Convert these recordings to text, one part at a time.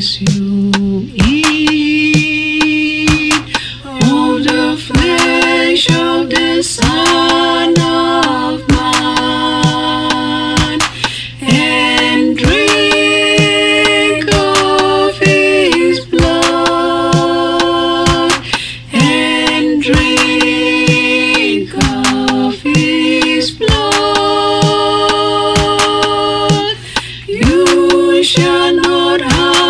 as you eat of the flesh of the Son of Man and drink of His blood and drink of His blood, you shall not have.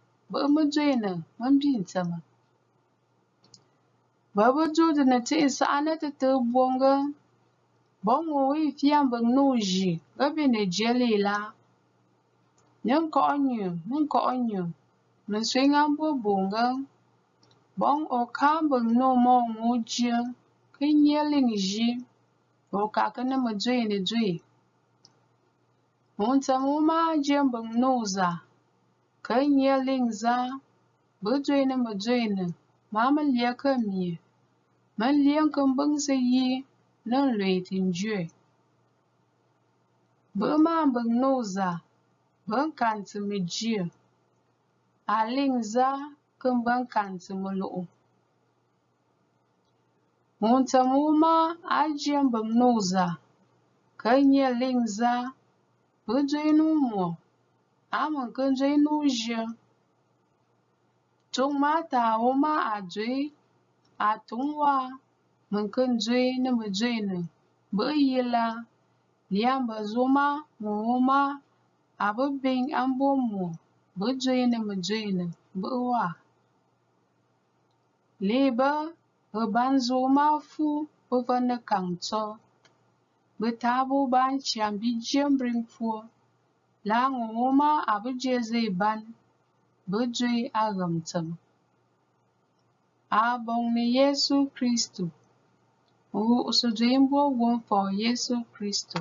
sao mà Buɣimi doya ni ŋmambihin tama. Baba duɣiri ni tihi ra ni ti phi âm Bɔŋɔ Yiɣifiɛmbiŋ gì, o bên này be Nigeria la nhưng nhưng nhiều, nhiều, Niŋkɔɣinyu Ninsui ŋan bo booŋgi Bɔŋɔ o kaambiŋ ni o ma o ŋɔ o je ka nya liŋʒi ka o kakinima doya ni doya. Ŋun tam o maa jɛmbiŋ ni o zaa. Ka nyɛ linzaa, bɛ dɔyina mi dɔyina maa mi lɛya ka mia, man lɛyam kambiŋsi yi ni n lɔi ti n dɔi. Bihi maa bi ŋna o zaa, bɛ ni kan ti mi jia, a linzaa kim bɛn kan ti mi luɣu. Ŋun tam o maa a jɛm bi ŋna o zaa, ka nyɛ linzaa, bɛ dɔyina o mo. Amwãkǝ ndzwe nu zhyǝ. Tsoʼ mata wu ma àdzwe àtuŋ wa mǝkǝ ndzwe nɨ mǝdzwenǝ bǝ yǝ laa lyáa zoma ŋu wuma a bǝ biŋ a mbomwo bǝ dzwe nɨ mǝdzwenǝ bǝ wa. Lé bǝ ghǝ Banzǝ wuma fu bǝ vǝnǝ kaŋ tsɔ́. Bǝ taa bo ba ncya mbi dyǝ mbǝǝm pwo. la ngo zai abu jeze ban bujwe agamtam abong ni yesu kristu u usudwe mbo wong po yesu kristu